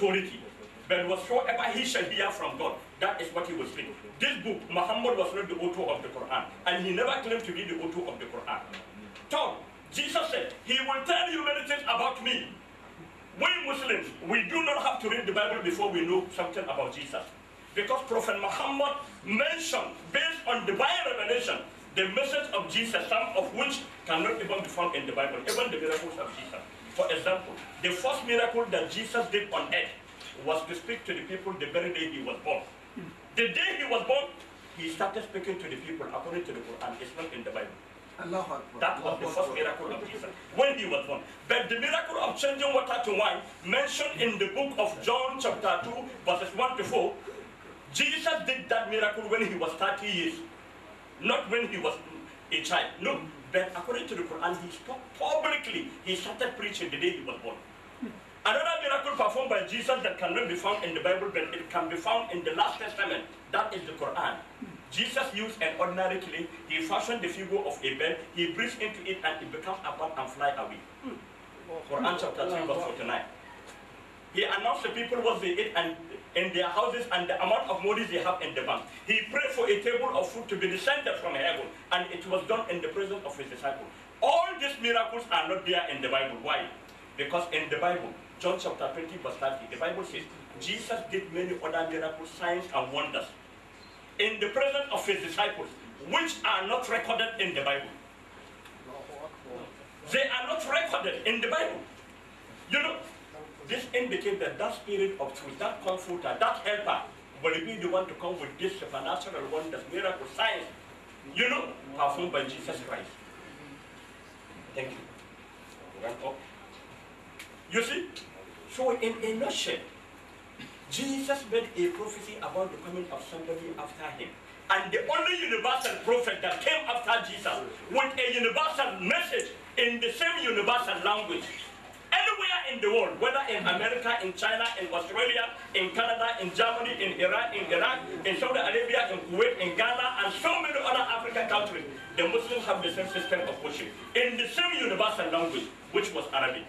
authority. But whatsoever he shall hear from God, that is what he will speak. This book, Muhammad was not the author of the Quran, and he never claimed to be the author of the Quran. Third, Jesus said, He will tell you many things about me. We Muslims, we do not have to read the Bible before we know something about Jesus. Because Prophet Muhammad mentioned, based on divine revelation, the message of Jesus, some of which cannot even be found in the Bible, even the miracles of Jesus. For example, the first miracle that Jesus did on earth was to speak to the people the very day he was born. The day he was born, he started speaking to the people according to the Quran. It's not in the Bible. Allah that was the first miracle of Jesus when he was born. But the miracle of changing water to wine, mentioned in the book of John, chapter 2, verses 1 to 4, Jesus did that miracle when he was 30 years, not when he was a child. Look, but according to the Quran, he spoke publicly. He started preaching the day he was born. Hmm. Another miracle performed by Jesus that cannot be found in the Bible, but it can be found in the Last Testament. That is the Quran. Hmm. Jesus used an ordinary clay. He fashioned the figure of a bird. He breathed into it, and it becomes a bird and fly away. Hmm. Quran chapter 3, verse 49. He announced the people what they ate and in their houses and the amount of money they have in the bank. He prayed for a table of food to be descended from heaven, and it was done in the presence of his disciples. All these miracles are not there in the Bible. Why? Because in the Bible, John chapter 20, verse 30, the Bible says, Jesus did many other miracles, signs, and wonders in the presence of his disciples, which are not recorded in the Bible. They are not recorded in the Bible. You know, this indicates that that spirit of truth, that comforter, that helper, will be the one to come with this supernatural wonders, miracle signs, you know, performed by Jesus Christ. Thank you. You see? So in a nutshell, Jesus made a prophecy about the coming of somebody after him. And the only universal prophet that came after Jesus with a universal message in the same universal language in the world, whether in America, in China, in Australia, in Canada, in Germany, in Iran, in Iraq, in Saudi Arabia, in Kuwait, in Ghana, and so many other African countries, the Muslims have the same system of worship in the same universal language, which was Arabic.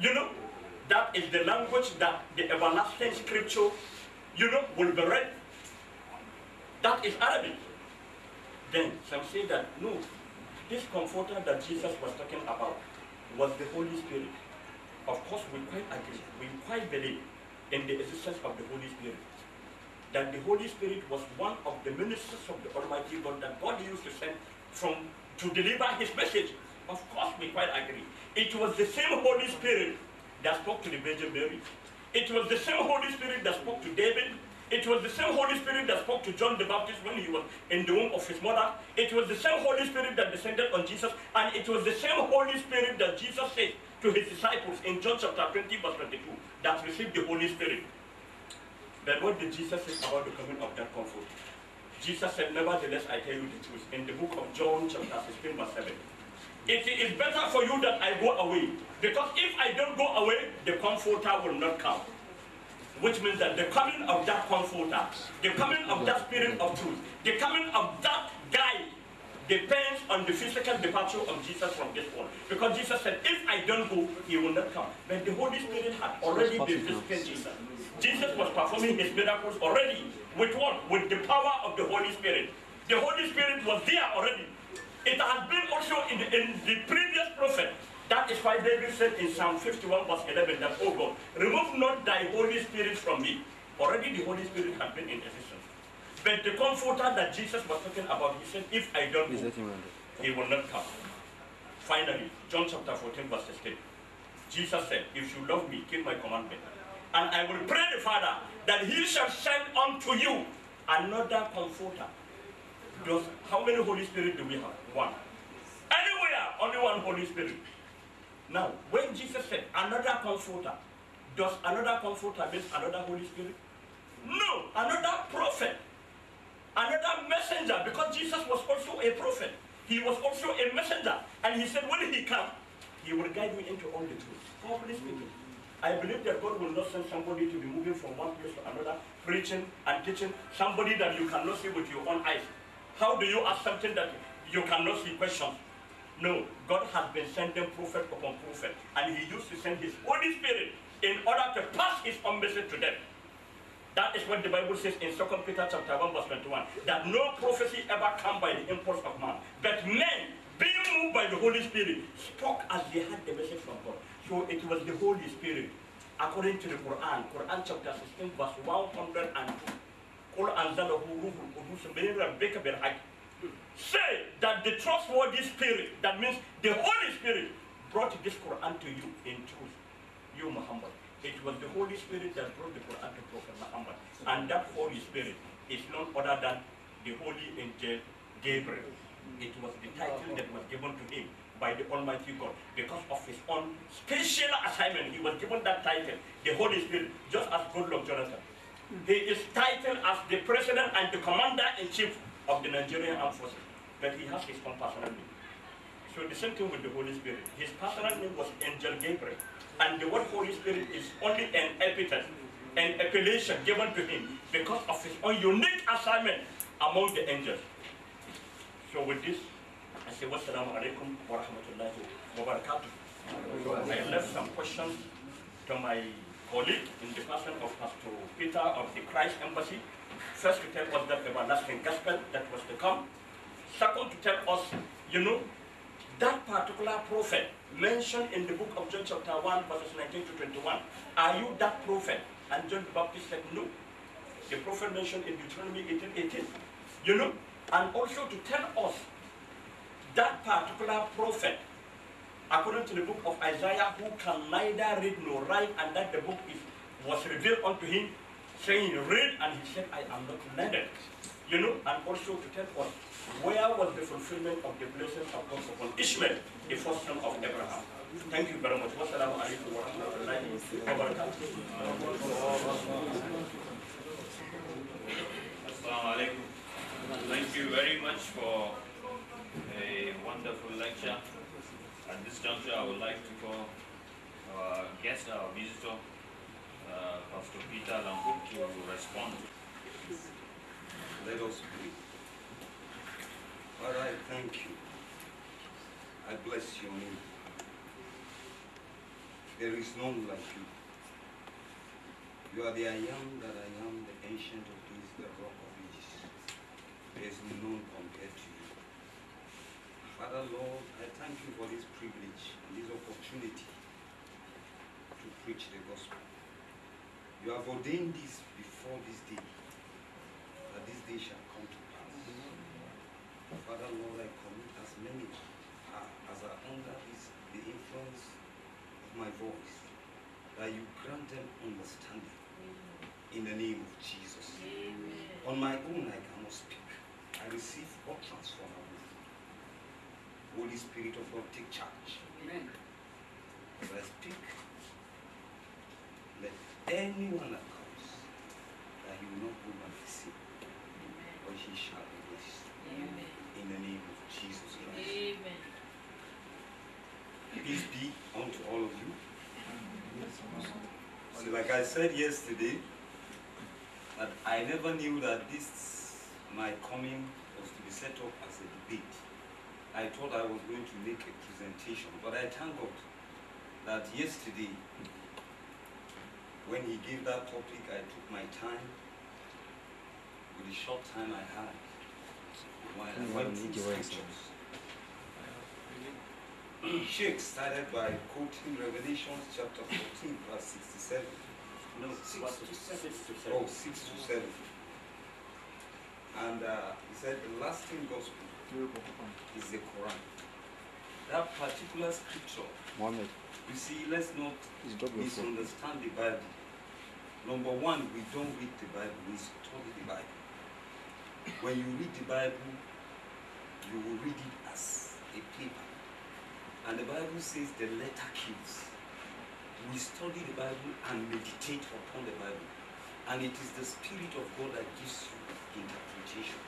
You know, that is the language that the everlasting scripture, you know, will be read. That is Arabic. Then some say that, no, this comforter that Jesus was talking about was the Holy Spirit. Of course, we quite agree, we quite believe in the existence of the Holy Spirit. That the Holy Spirit was one of the ministers of the Almighty God that God used to send from to deliver his message. Of course, we quite agree. It was the same Holy Spirit that spoke to the Virgin Mary. It was the same Holy Spirit that spoke to David, it was the same Holy Spirit that spoke to John the Baptist when he was in the womb of his mother. It was the same Holy Spirit that descended on Jesus. And it was the same Holy Spirit that Jesus said to his disciples in John chapter 20, verse 22, that received the Holy Spirit. But what did Jesus say about the coming of that comfort? Jesus said, Nevertheless, I tell you the truth. In the book of John chapter 16, verse 7. It is better for you that I go away. Because if I don't go away, the comforter will not come which means that the coming of that comforter, uh, the coming of that spirit of truth, the coming of that guide depends on the physical departure of Jesus from this world. Because Jesus said, if I don't go, he will not come. But the Holy Spirit had already been visiting Jesus. Jesus was performing his miracles already. With what? With the power of the Holy Spirit. The Holy Spirit was there already. It has been also in the, in the previous prophet that is why David said in Psalm 51 verse 11 that, Oh God, remove not thy Holy Spirit from me. Already the Holy Spirit had been in existence. But the comforter that Jesus was talking about, he said, if I don't he will not come. Finally, John chapter 14 verse 16. Jesus said, if you love me, keep my commandment. And I will pray the Father that he shall send unto you another comforter. Because how many Holy Spirit do we have? One. Anywhere, only one Holy Spirit. Now, when Jesus said, another comforter, does another comforter mean another Holy Spirit? No, another prophet, another messenger, because Jesus was also a prophet. He was also a messenger. And he said, when he came, he will guide you into all the truth. Properly speaking, I believe that God will not send somebody to be moving from one place to another, preaching and teaching, somebody that you cannot see with your own eyes. How do you ask something that you cannot see questions? No, God has been sending prophet upon prophet, and He used to send His Holy Spirit in order to pass His own message to them. That is what the Bible says in 2 Peter chapter 1, verse 21, that no prophecy ever come by the impulse of man, but men, being moved by the Holy Spirit, spoke as they had the message from God. So it was the Holy Spirit, according to the Quran, Quran chapter 16, verse 102 say that the trustworthy spirit, that means the Holy Spirit, brought this Quran to you in truth, you Muhammad. It was the Holy Spirit that brought the Quran to Prophet Muhammad. And that Holy Spirit is none other than the Holy Angel Gabriel. It was the title that was given to him by the Almighty God because of his own special assignment. He was given that title, the Holy Spirit, just as God luck Jonathan. He is titled as the President and the Commander-in-Chief of the Nigerian armed forces that he has his own personal name. So the same thing with the Holy Spirit. His personal name was Angel Gabriel. And the word Holy Spirit is only an epithet, an appellation given to him because of his own unique assignment among the angels. So with this, I say wassalamu alaikum wa rahmatullahi wa barakatuh. I left some questions to my colleague in the person of Pastor Peter of the Christ Embassy. First, to tell us that everlasting gospel that was to come. Second, to tell us, you know, that particular prophet mentioned in the book of John chapter 1, verses 19 to 21. Are you that prophet? And John the Baptist said, no. The prophet mentioned in Deuteronomy 18, 18. You know, and also to tell us that particular prophet, according to the book of Isaiah, who can neither read nor write, and that the book is, was revealed unto him read, and he said, I am not landed, You know, and also to tell us, where was the fulfillment of the blessings of God upon Ishmael, the first son of Abraham? Thank you very much. Wassalamu alaikum wa rahmatullahi wa Thank you very much for a wonderful lecture. At this juncture, I would like to call our guest, our visitor, after uh, Pastor Peter Lambuk to respond. Let us pray. Father, I thank you. I bless your name. There is none like you. You are the I am that I am, the ancient of days, the rock of ages. There is none compared to you. Father Lord, I thank you for this privilege and this opportunity to preach the gospel. You have ordained this before this day, that this day shall come to pass. Father, Lord, I commit as many uh, as are under this, the influence of my voice, that you grant them understanding in the name of Jesus. Amen. On my own, I cannot speak. I receive utterance transform. Holy Spirit of God, take charge. Amen. As I speak, anyone that comes, that he will not go back to sin, but he shall be blessed. Amen. In the name of Jesus Christ. Amen. Peace be unto all of you. So like I said yesterday, that I never knew that this, my coming, was to be set up as a debate. I thought I was going to make a presentation, but I thank God that yesterday when he gave that topic, I took my time with the short time I had. While I went through scriptures. Sheikh started by quoting Revelation chapter 14, verse 67. No, 6 to Oh, 6 to 7. And uh, he said the lasting gospel is the Quran that particular scripture, Mohammed. you see, let's not misunderstand the Bible. Number one, we don't read the Bible, we study the Bible. When you read the Bible, you will read it as a paper. And the Bible says the letter kills. We study the Bible and meditate upon the Bible. And it is the Spirit of God that gives you interpretation.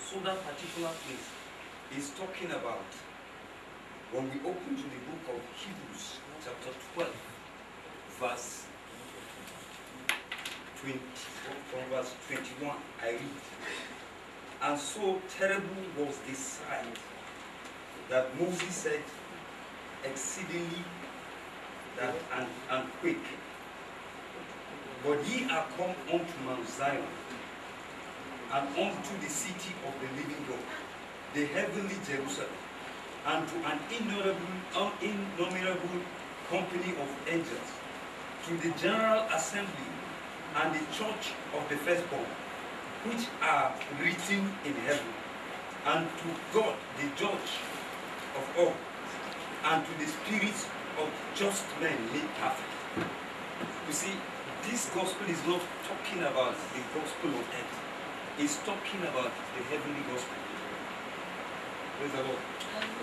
So that particular place is talking about when we open to the book of Hebrews, chapter 12, verse 20, from verse 21, I read, And so terrible was the sight that Moses said, exceedingly that and, and quick. But ye are come unto Mount Zion, and unto the city of the living God, the heavenly Jerusalem, and to an innumerable, company of angels, to the General Assembly and the Church of the Firstborn, which are written in heaven, and to God the Judge of all, and to the spirits of just men made perfect. You see, this gospel is not talking about the gospel of earth. It's talking about the heavenly gospel. Praise the Lord.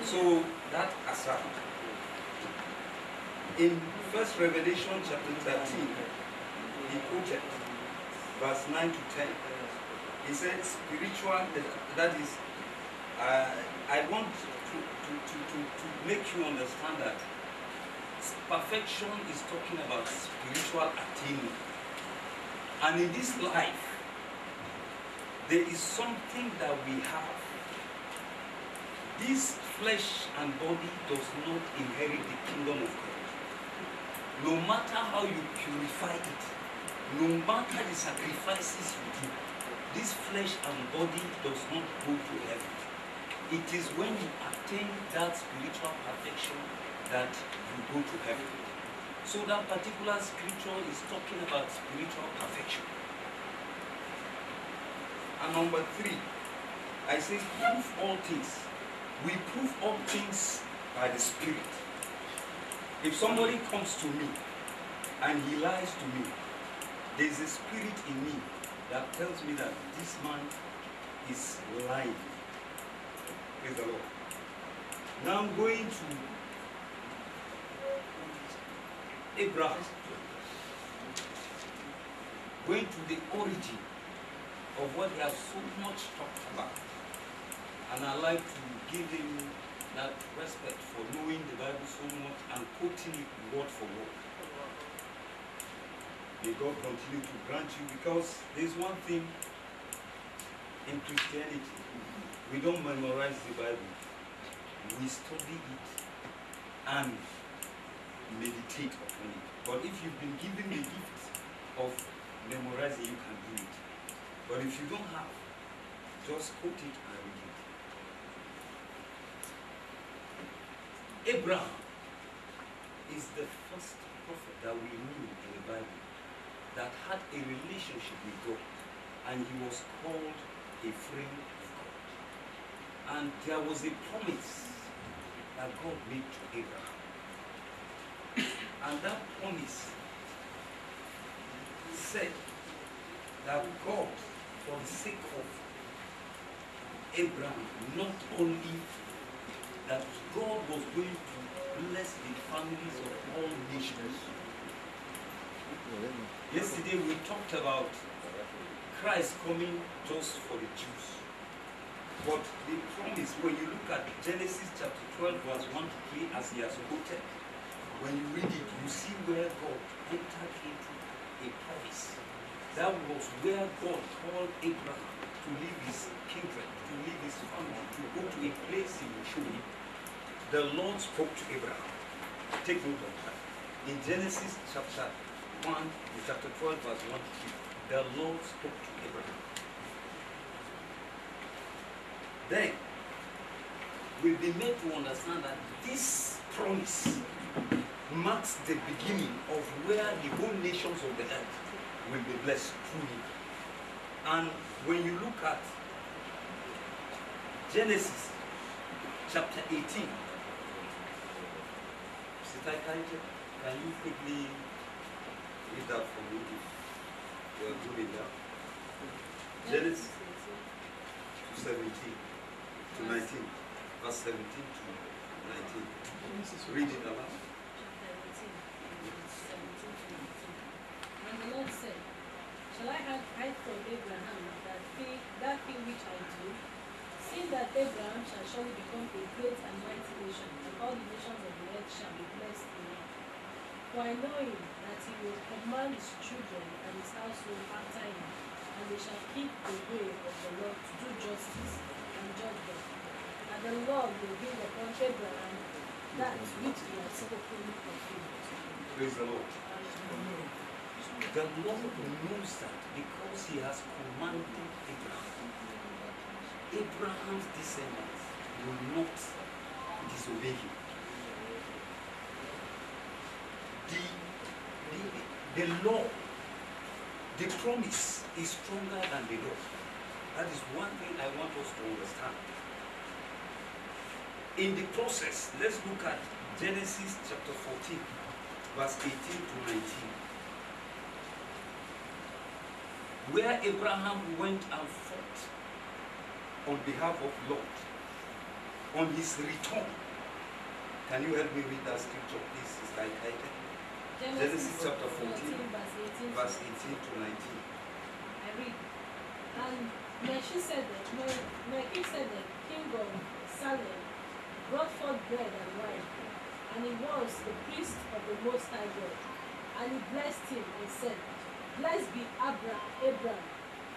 So that aside, in First Revelation chapter 13, he quoted verse 9 to 10. He said, spiritual, that is, uh, I want to, to, to, to, to make you understand that perfection is talking about spiritual attainment. And in this life, there is something that we have this flesh and body does not inherit the kingdom of God. No matter how you purify it, no matter the sacrifices you do, this flesh and body does not go to heaven. It is when you attain that spiritual perfection that you go to heaven. So that particular scripture is talking about spiritual perfection. And number three, I say prove all things we prove all things by the Spirit. If somebody comes to me and he lies to me, there's a spirit in me that tells me that this man is lying. Praise the Lord. Now I'm going to Abraham. Going to the origin of what he has so much talked about. And I like to give him that respect for knowing the Bible so much and quoting it word for word. May God continue to grant you because there's one thing in Christianity. We don't memorize the Bible. We study it and meditate upon it. But if you've been given the gift of memorizing, you can do it. But if you don't have, just quote it and read it. Abraham is the first prophet that we knew in the Bible that had a relationship with God and he was called a friend of God. And there was a promise that God made to Abraham. And that promise said that God, for the sake of Abraham, not only that God was going to bless the families of all nations. Yesterday we talked about Christ coming just for the Jews. But the promise, when you look at Genesis chapter 12, verse 1 to 3, as he has quoted, when you read it, you see where God entered into a promise. That was where God called Abraham to leave his kindred, to leave his family, to go to a place he will show him. The Lord spoke to Abraham. Take note of that. In Genesis chapter 1, chapter 12, verse 1 to 3, the Lord spoke to Abraham. Then, we will be made to understand that this promise marks the beginning of where the whole nations of the earth will be blessed through him. And when you look at Genesis chapter 18, Sitai, can you, can you quickly read that for me if you are doing that? Genesis 17 to 19, verse 17 to 19. Read it aloud. I, have heard from Abraham that thing, that thing which I do, seeing that Abraham shall surely become a great and mighty nation, and all the nations of the earth shall be blessed in him. For I know him that he will command his children and his household after him, and they shall keep the way of the Lord to do justice and judgment. And the Lord will be upon Abraham That is which he has spoken of him. Praise the Lord. The Lord knows that because He has commanded Abraham, Abraham's descendants will not disobey Him. The, the, the law, the promise is stronger than the law. That is one thing I want us to understand. In the process, let's look at Genesis chapter 14, verse 18 to 19 where Abraham went and fought on behalf of Lord. on his return. Can you help me read that scripture, please, Sister Ikaika? Genesis, Genesis chapter 14, 14 verse 18 to 19. I read. And Melchizedek, Melchizedek, king of Salem, brought forth bread and wine, and he was the priest of the Most High God. And he blessed him and said, Blessed be Abraham, Abraham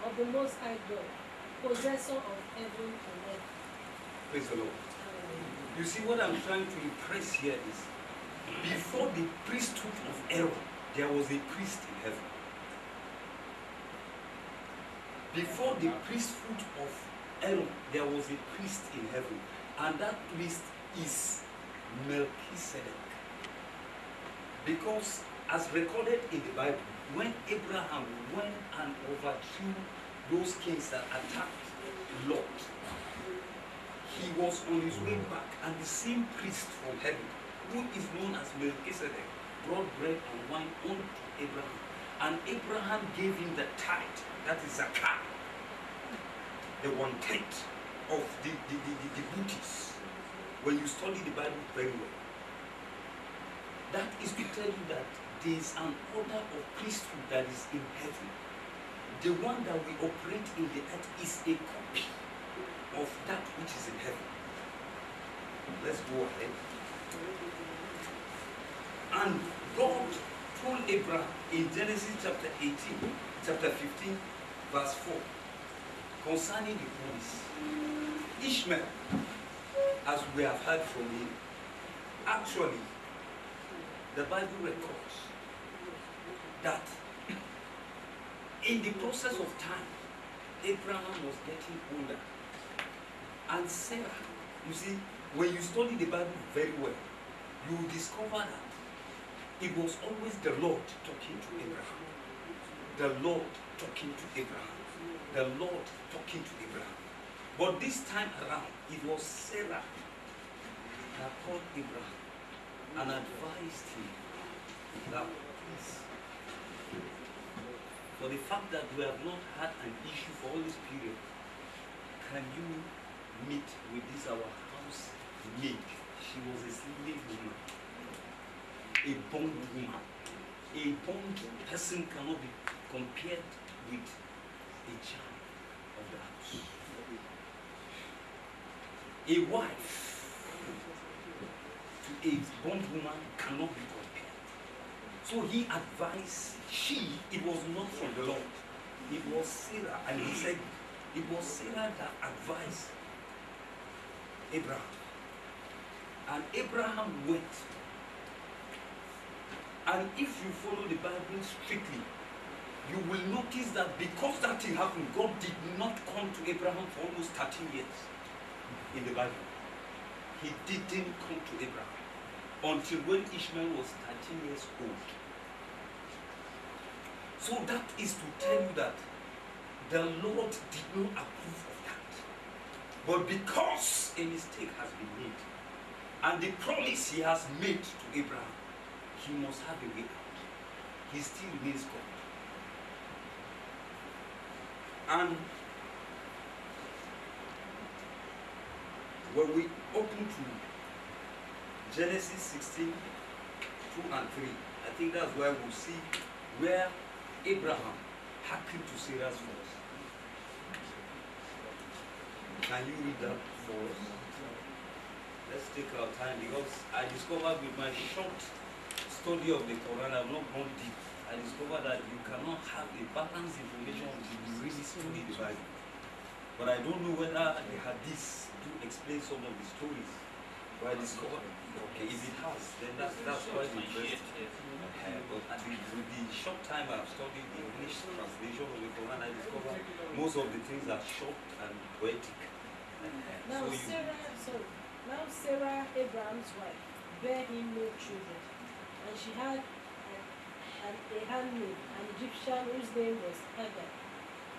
of the Most High God, possessor of heaven and earth. Praise the Lord. You see, what I'm trying to impress here is before the priesthood of Aaron, there was a priest in heaven. Before the priesthood of Aaron, there was a priest in heaven. And that priest is Melchizedek. Because as recorded in the Bible, when Abraham went and overthrew those kings that attacked Lot, he was on his way back, and the same priest from heaven, who is known as Melchizedek, brought bread and wine unto Abraham. And Abraham gave him the tithe, that is zakat, the one-tenth of the, the, the, the, the booties. When you study the Bible very well, that is to tell you that there is an order of priesthood that is in heaven. The one that we operate in the earth is a copy of that which is in heaven. Let's go ahead. And God told Abraham in Genesis chapter 18, chapter 15, verse 4, concerning the promise, Ishmael, as we have heard from him, actually the Bible records that in the process of time, Abraham was getting older. And Sarah, you see, when you study the Bible very well, you discover that it was always the Lord talking to Abraham. The Lord talking to Abraham. The Lord talking to Abraham. But this time around, it was Sarah that called Abraham and advised him that for the fact that we have not had an issue for all this period, can you meet with this our house maid? She was a slave woman, a bond woman. A bond person cannot be compared with a child of the house. A wife a bondwoman cannot be compared. So he advised she, it was not from the Lord. It was Sarah, and he said, it was Sarah that advised Abraham. And Abraham went. And if you follow the Bible strictly, you will notice that because that thing happened, God did not come to Abraham for almost 13 years in the Bible. He didn't come to Abraham until when Ishmael was 13 years old. So that is to tell you that the Lord did not approve of that. But because a mistake has been made, and the promise he has made to Abraham, he must have a way out. He still needs God. And when we open to Genesis 16, 2 and 3. I think that's where we see where Abraham happened to Sarah's voice. Can you read that for us? Let's take our time because I discovered with my short study of the Quran, I've not gone deep. I discovered that you cannot have a balanced information until you really study the Bible. But I don't know whether the hadiths do explain some of the stories by the score. Okay, if it has, then that, that's quite interesting. Okay, but at the, with the short time I've studied the English translation of the Quran, I discovered most of the things are short and poetic. now, so Sarah, sorry, now Sarah, Abraham's wife, bare him no children, and she had uh, and a handmaid, an Egyptian whose name was Hagar.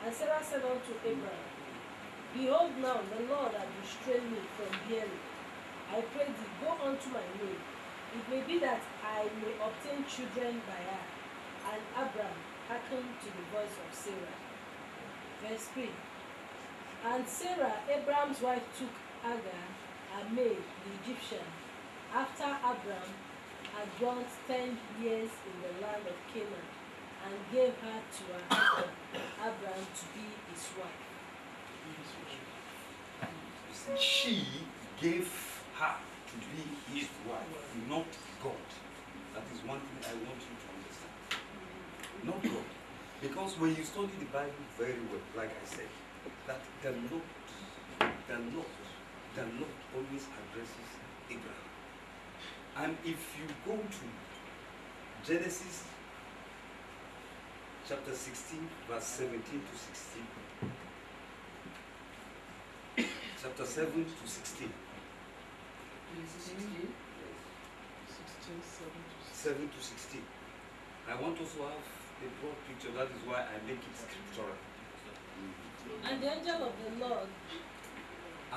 And Sarah said unto Abraham, Behold now, the Lord hath restrained me from bearing, I pray thee, go unto my maid. It may be that I may obtain children by her. And Abram hearkened to the voice of Sarah. Verse 3. And Sarah, Abram's wife, took Hagar, a maid, the Egyptian, after Abram had dwelt ten years in the land of Canaan, and gave her to her husband, Abram, to be his wife. She gave her to be his wife, not God. That is one thing I want you to understand. Not God. Because when you study the Bible very well, like I said, that the Lord, the Lord, the Lord always addresses Abraham. And if you go to Genesis chapter 16, verse 17 to 16, chapter 7 to 16, 16. 7 to 16. to 16. I want to have a broad picture. That is why I make it scriptural. Mm -hmm. And the angel of the Lord.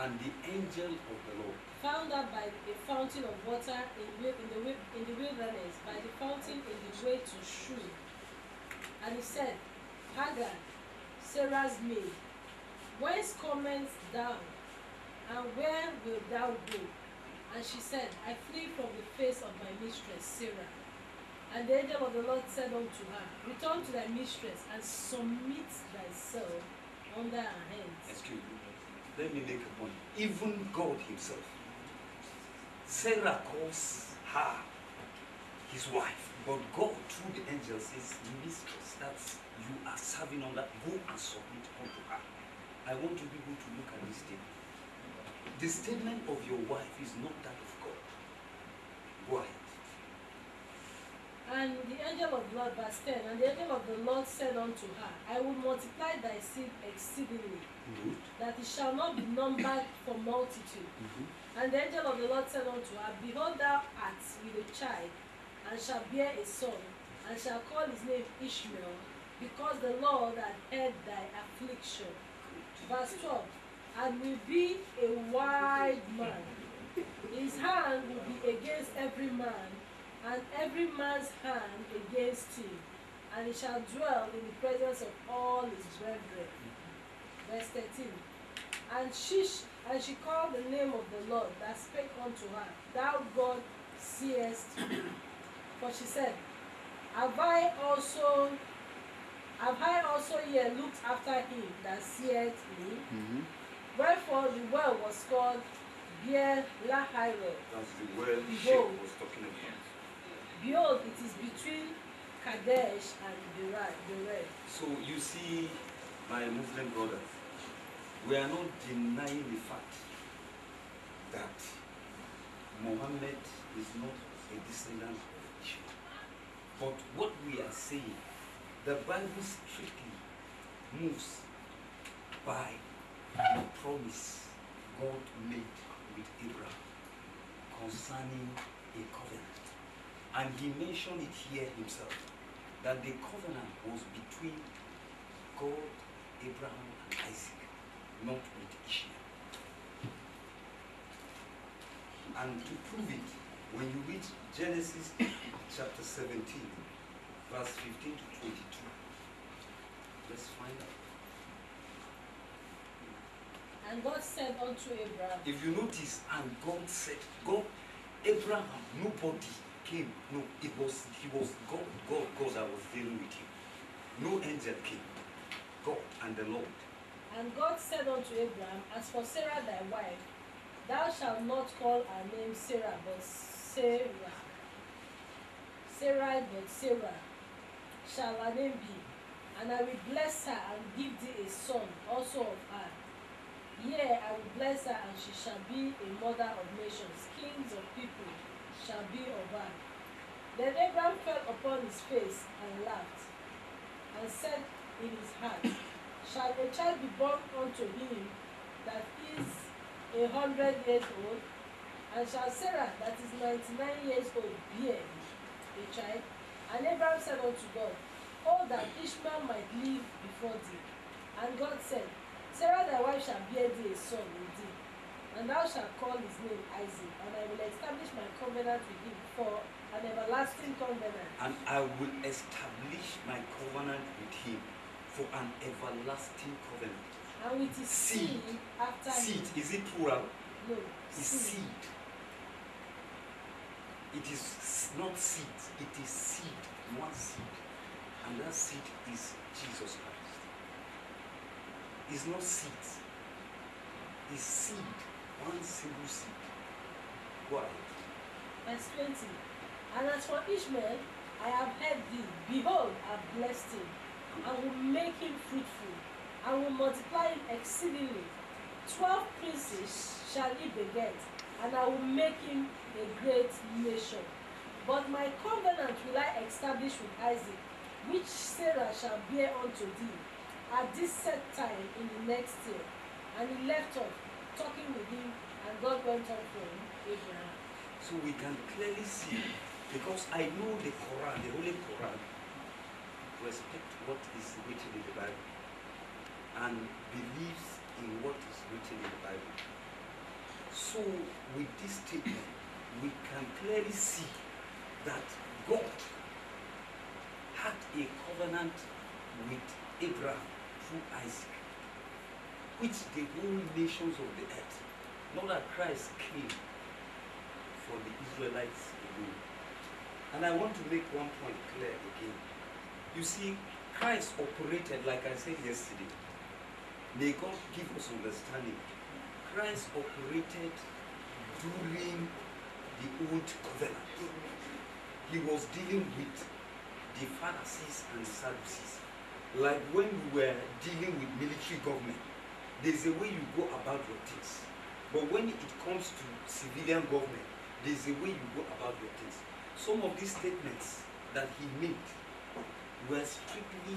And the angel of the Lord. Found out by a fountain of water in, in, the, in the wilderness, by the fountain in the way to Shur. And he said, Hagar, Sarah's maid, whence comest thou, and where wilt thou go? And she said, I flee from the face of my mistress, Sarah. And the angel of the Lord said unto her, Return to thy mistress and submit thyself under her hands. Excuse me. Let me make a point. Even God Himself, Sarah calls her his wife, but God through the angel says, Mistress, that you are serving under, go and submit unto her. I want you people to look at this table. The statement of your wife is not that of God. Why? And the angel of the Lord, verse 10, and the angel of the Lord said unto her, I will multiply thy seed exceedingly, Good. that it shall not be numbered for multitude. Mm-hmm. And the angel of the Lord said unto her, Behold, thou art with a child, and shall bear a son, and shall call his name Ishmael, because the Lord hath heard thy affliction. Verse 12. and will be a wide man. His hand will be against every man, and every man's hand against him, and he shall dwell in the presence of all his brethren. Verse 13. And she, and she called the name of the Lord that spake unto her, Thou God seest me. For she said, Have I also have I also here looked after him that seeth me? Mm -hmm. Wherefore the well was called Beer Lahairot. That's the well Behold, was talking about. Behold, it is between Kadesh and Bered. So you see, my Muslim brothers, we are not denying the fact that Muhammad is not a descendant of Ishmael. But what we are saying, the Bible strictly moves by the promise God made with Abraham concerning a covenant. And he mentioned it here himself that the covenant was between God, Abraham, and Isaac, not with Ishmael. And to prove it, when you read Genesis chapter 17, verse 15 to 22, let's find out. And God said unto Abraham. If you notice, and God said, God, Abraham, nobody came. No, it was he was God, God, because I was dealing with him. No angel came. God and the Lord. And God said unto Abraham, As for Sarah thy wife, thou shalt not call her name Sarah, but Sarah. Sarah, but Sarah shall her name be. And I will bless her and give thee a son also of her. Yea, I will bless her, and she shall be a mother of nations. Kings of people shall be of her. Then Abraham fell upon his face and laughed, and said in his heart, Shall a child be born unto him that is a hundred years old? And shall Sarah, that is ninety-nine years old, bear a child? And Abraham said unto God, Oh, that Ishmael might live before thee. And God said, Sarah thy wife shall bear thee a son with thee, and thou shalt call his name Isaac, and I will establish my covenant with him for an everlasting covenant. And I will establish my covenant with him for an everlasting covenant. And with his seed, seed after seed. Him. Is it plural? No. His seed. seed. It is not seed, it is seed, one seed. And that seed is Jesus Christ. is not seeds. It's seed, one single seed. Go ahead. Verse 20. And as for Ishmael, I have heard thee. Behold, I have blessed him. I will make him fruitful. I will multiply him exceedingly. Twelve princes shall he beget, and I will make him a great nation. But my covenant will I establish with Isaac, which Sarah shall bear unto thee at this set time in the next year. And he left off talking with him, and God went on for him, Abraham. So we can clearly see, because I know the Quran, the Holy Quran, respect what is written in the Bible, and believes in what is written in the Bible. So with this statement, we can clearly see that God had a covenant with Abraham through Isaac, which the whole nations of the earth, not that Christ came for the Israelites alone. And I want to make one point clear again. You see, Christ operated, like I said yesterday, may God give us understanding. Christ operated during the old covenant. He was dealing with the Pharisees and the Sadducees like when you were dealing with military government, there's a way you go about your things. But when it comes to civilian government, there's a way you go about your things. Some of these statements that he made were strictly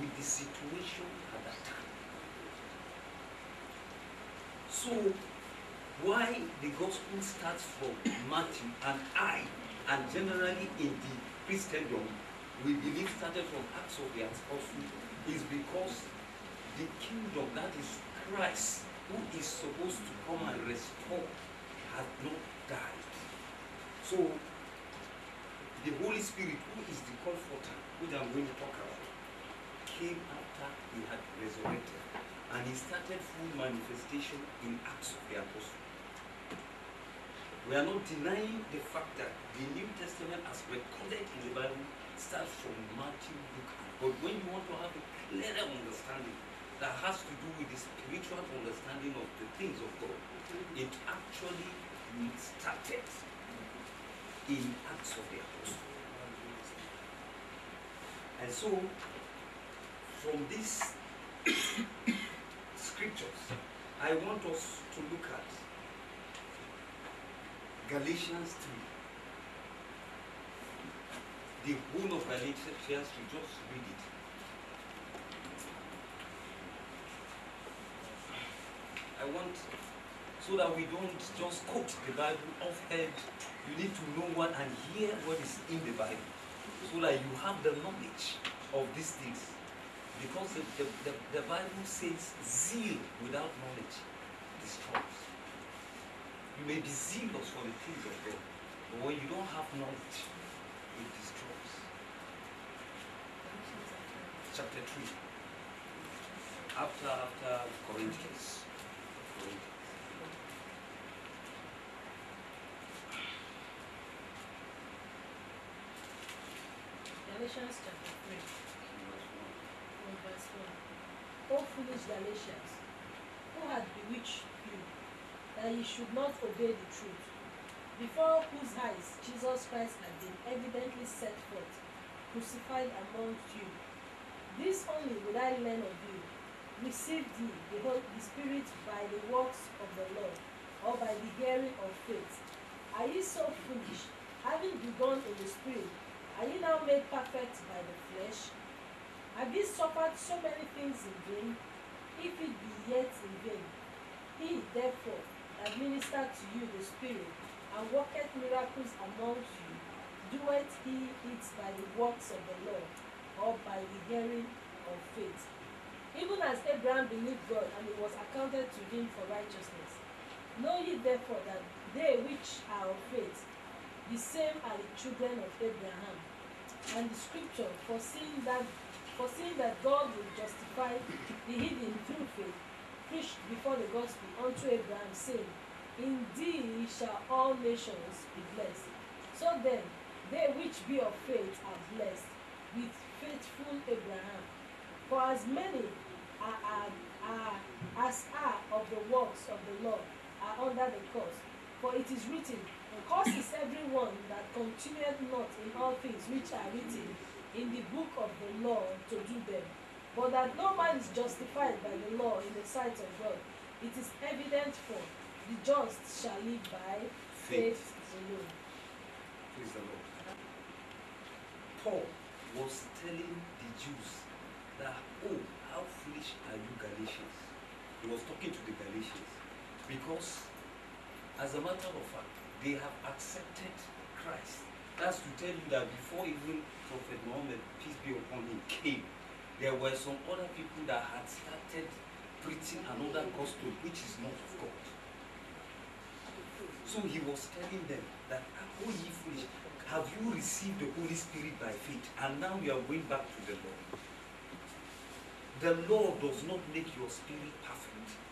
with the situation at that time. So, why the gospel starts from Matthew and I, and generally in the Christendom, we believe started from Acts of the Apostles is because the kingdom that is Christ, who is supposed to come and restore, has not died. So the Holy Spirit, who is the comforter, which I'm going to talk about, came after he had resurrected. And he started full manifestation in Acts of the Apostles. We are not denying the fact that the New Testament has recorded in the Bible starts from Matthew, Luke, and But when you want to have a clearer understanding that has to do with the spiritual understanding of the things of God, it actually started in Acts of the Apostles. And so, from these scriptures, I want us to look at Galatians 3 the whole of Valley except to just read it. I want, so that we don't just quote the Bible off head, you need to know what and hear what is in the Bible, so that you have the knowledge of these things. Because the, the, the, the Bible says zeal without knowledge destroys. You may be zealous for the things of God, but when you don't have knowledge, Chapter 3. After, after Corinthians. Galatians chapter 3. one verse 1. O foolish Galatians, who hath bewitched you, that ye should not obey the truth, before whose eyes Jesus Christ had been evidently set forth, crucified among you. This only will I learn of you. Receive ye the, Holy, the Spirit by the works of the law, or by the hearing of faith. Are ye so foolish, having begun in the Spirit, are ye now made perfect by the flesh? Have ye suffered so many things in vain, if it be yet in vain? He, therefore, administered to you the Spirit, and worketh miracles among you, doeth he it by the works of the law, or by the hearing of faith? Even as Abraham believed God, and it was accounted to him for righteousness. Know ye therefore that they which are of faith, the same are the children of Abraham. And the scripture, foreseeing that, foreseeing that God will justify the heathen through faith, preached before the gospel unto Abraham, saying, In thee shall all nations be blessed. So then, they which be of faith are blessed with faithful Abraham. For as many are, are, are, as are of the works of the Lord are under the curse. For it is written, curse is everyone that continueth not in all things which are written in the book of the law to do them. But that no man is justified by the law in the sight of God, it is evident for the just shall live by faith, alone. Praise the Lord. Uh-huh. Paul was telling the Jews that, oh, how foolish are you Galatians? He was talking to the Galatians because, as a matter of fact, they have accepted Christ. That's to tell you that before even Prophet Muhammad, peace be upon him, came, there were some other people that had started preaching another gospel which is not of God. So he was telling them that, oh ye foolish, have you received the Holy Spirit by faith? And now you are going back to the law. The law does not make your spirit perfect.